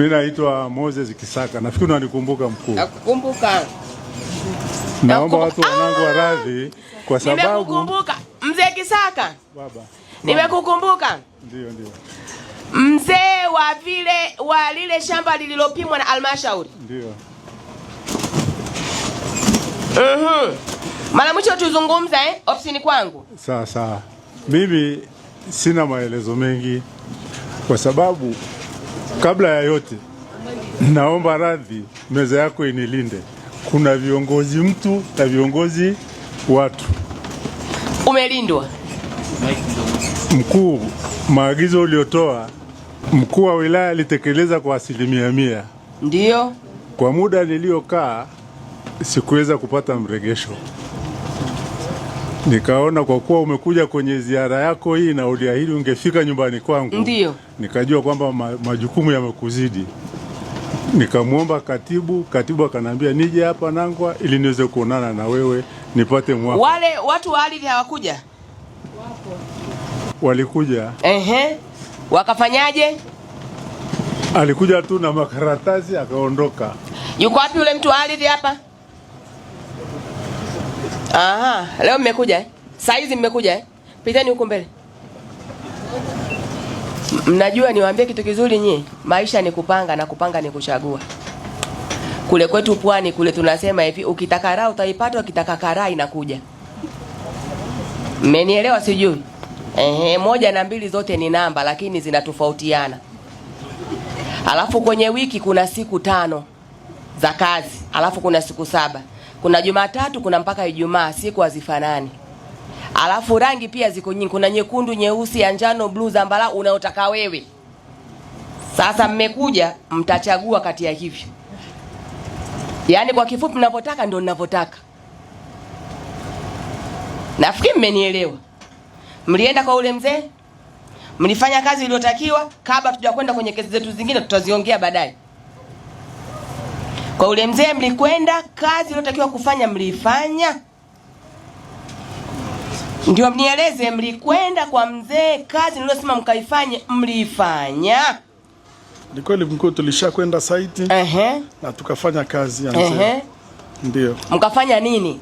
Mimi naitwa Moses Kisaka, nafikiri unanikumbuka mkuu. Nakukumbuka. Naomba watu wanangu wa ah! radhi kwa sababu nimekukumbuka mzee Kisaka. Baba. Nimekukumbuka. Ndio, ndio. Mzee wa vile wa lile shamba lililopimwa na almashauri. Ndio. Mhm. Mara mwisho tuzungumza eh, ofisini kwangu. Sawa sawa. Mimi sina maelezo mengi kwa sababu Kabla ya yote, naomba radhi, meza yako inilinde. Kuna viongozi mtu na viongozi watu. Umelindwa mkuu. Maagizo uliotoa mkuu wa wilaya alitekeleza kwa asilimia mia. Ndiyo, kwa muda niliyokaa sikuweza kupata mregesho. Nikaona kwa kuwa umekuja kwenye ziara yako hii na uliahidi ungefika nyumbani kwangu, ndio nikajua kwamba ma, majukumu yamekuzidi. Nikamwomba katibu, katibu akanambia nije hapa Nangwa ili niweze kuonana na wewe nipate mwafaka. Wale watu wa ardhi hawakuja, walikuja. Ehe, wakafanyaje? Alikuja tu na makaratasi akaondoka. Yuko wapi yule mtu wa ardhi hapa? Aha, leo mmekuja eh? Saa hizi mmekuja eh? Piteni huko mbele. Mnajua niwaambie kitu kizuri nyi, maisha ni kupanga na kupanga ni kuchagua. Kule kwetu pwani kule tunasema hivi, ukitaka raha utaipata, ukitaka karaa inakuja. Mmenielewa sijui? Ehe, moja na mbili zote ni namba lakini zinatofautiana. Alafu kwenye wiki kuna siku tano za kazi, alafu kuna siku saba kuna Jumatatu, kuna mpaka Ijumaa, siku hazifanani. Alafu rangi pia ziko nyingi, kuna nyekundu, nyeusi, ya njano, bluu, zambarau, unaotaka wewe. Sasa mmekuja mtachagua kati ya hivyo, yaani kwa kifupi, mnavyotaka ndio ninavyotaka. Nafikiri mmenielewa. Mlienda kwa ule mzee, mlifanya kazi iliyotakiwa. Kabla tujakwenda kwenye kesi zetu zingine, tutaziongea baadaye. Kwa ule mzee mlikwenda, kazi iliyotakiwa kufanya mlifanya? Ndio, mnieleze, mlikwenda kwa mzee, kazi niliyosema mkaifanye mliifanya? Ni kweli mkuu, tulishakwenda saiti uh -huh. na tukafanya kazi ya mzee uh -huh. Ndio. Mkafanya nini?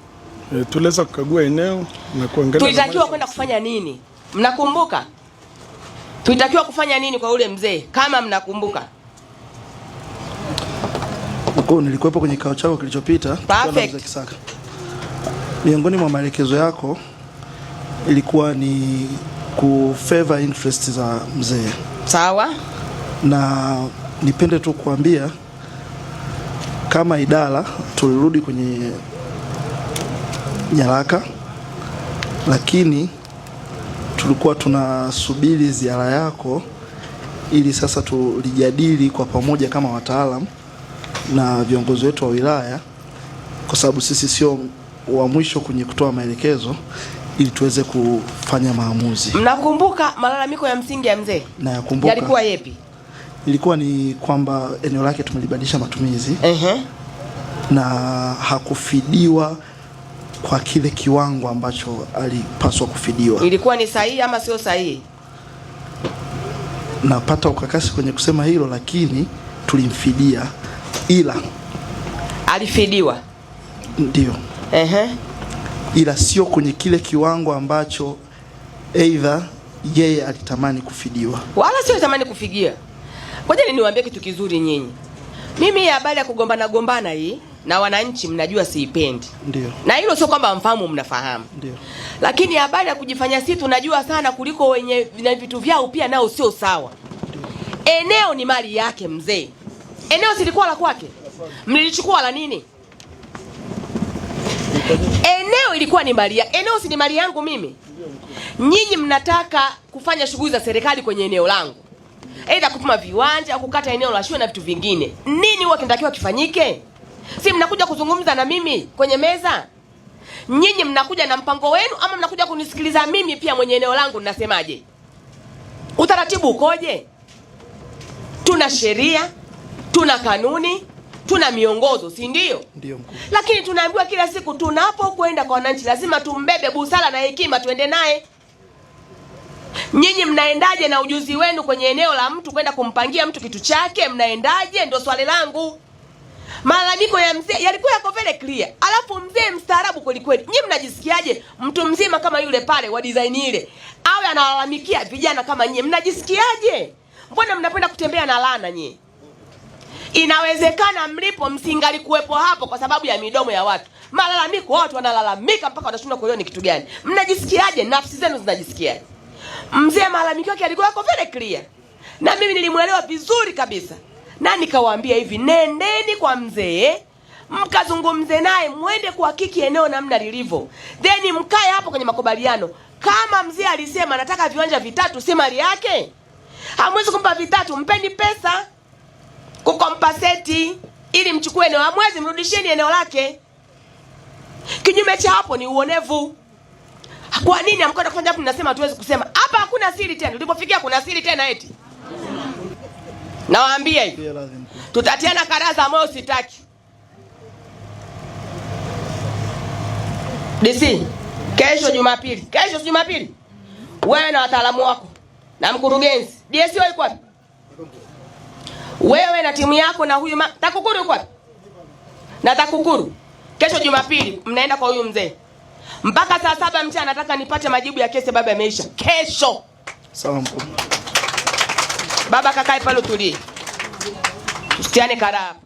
E, tuliweza kukagua eneo na kuangalia tulitakiwa kwenda kufanya nini. Mnakumbuka tulitakiwa kufanya nini kwa ule mzee, kama mnakumbuka? Kwa nilikuwepo kwenye kikao chako kilichopita za Kisaka. Miongoni mwa maelekezo yako ilikuwa ni kufavor interest za mzee. Sawa. Na nipende tu kuambia kama idara tulirudi kwenye nyaraka, lakini tulikuwa tunasubiri ziara yako ili sasa tulijadili kwa pamoja kama wataalamu na viongozi wetu wa wilaya, kwa sababu sisi sio wa mwisho kwenye kutoa maelekezo ili tuweze kufanya maamuzi. Mnakumbuka malalamiko ya msingi ya mzee? Nayakumbuka. Yalikuwa yapi? Ilikuwa ni kwamba eneo lake tumelibadilisha matumizi uh -huh. na hakufidiwa kwa kile kiwango ambacho alipaswa kufidiwa. Ilikuwa ni sahihi ama sio sahihi? Napata ukakasi kwenye kusema hilo, lakini tulimfidia ila alifidiwa ndio, ehe, ila sio kwenye kile kiwango ambacho aidha yeye alitamani kufidiwa, wala sio alitamani kufigia. Ngoja niwaambie kitu kizuri nyinyi. Mimi habari ya kugombana gombana hii na wananchi mnajua siipendi. Ndio. Na hilo sio kwamba mfahamu mnafahamu. Ndio. Lakini habari ya kujifanya sisi tunajua sana kuliko wenye na vitu vyao pia nao sio sawa. Ndio. Eneo ni mali yake mzee. Eneo silikuwa la kwake, mlilichukua la nini? Eneo ilikuwa ni mali ya eneo, si ni mali yangu mimi. Nyinyi mnataka kufanya shughuli za serikali kwenye eneo langu, aidha kupima viwanja au kukata eneo la shule na vitu vingine. Nini huwa kinatakiwa kifanyike? Si mnakuja kuzungumza na mimi kwenye meza? Nyinyi mnakuja na mpango wenu, ama mnakuja kunisikiliza mimi pia mwenye eneo langu ninasemaje? Utaratibu ukoje? Tuna sheria tuna kanuni, tuna miongozo, si ndio? Ndio mkuu. Lakini tunaambiwa kila siku tunapokwenda kwa wananchi lazima tumbebe busara na hekima, tuende naye. Nyinyi mnaendaje na ujuzi wenu kwenye eneo la mtu kwenda kumpangia mtu kitu chake? Mnaendaje? Ndio swali langu. Malalamiko ya mzee yalikuwa yako vile clear, alafu mzee mstaarabu kweli kweli. Nyinyi mnajisikiaje? Mtu mzima kama yule pale wa design ile awe analalamikia vijana kama nyinyi, mnajisikiaje? Mbona mnapenda kutembea na laana nyinyi? Inawezekana mlipo msingalikuwepo hapo kwa sababu ya midomo ya watu, malalamiko. Watu wanalalamika mpaka watashindwa kuelewa ni kitu gani. Mnajisikiaje? Nafsi zenu zinajisikiaje? Mzee malalamiko yake alikuwa yako very clear, na mimi nilimwelewa vizuri kabisa, na nikawaambia hivi, nendeni kwa mzee mkazungumze naye, mwende kuhakiki eneo namna lilivyo, then mkae hapo kwenye makubaliano. Kama mzee alisema nataka viwanja vitatu, si mali yake, hamwezi kumpa vitatu, mpeni pesa kukompa seti ili mchukue eneo la mwizi mrudishieni eneo lake. Kinyume cha hapo ni uonevu. Kwa nini amkwenda kufanya hapo? Mnasema hatuwezi kusema hapa, hakuna siri tena. Ulipofikia kuna siri tena eti? Nawaambia hivi, tutatiana karaza ambayo sitaki. DC kesho Jumapili, kesho Jumapili, wewe na wataalamu wako na mkurugenzi. DSO iko wapi? wewe na timu yako na huyu ma... TAKUKURU yuko wapi? Na TAKUKURU kesho Jumapili mnaenda kwa huyu mzee mpaka saa saba mchana, nataka nipate majibu ya kesi. Baba ameisha kesho. Salamu baba, kakae pale utulie, tusitiane karaa.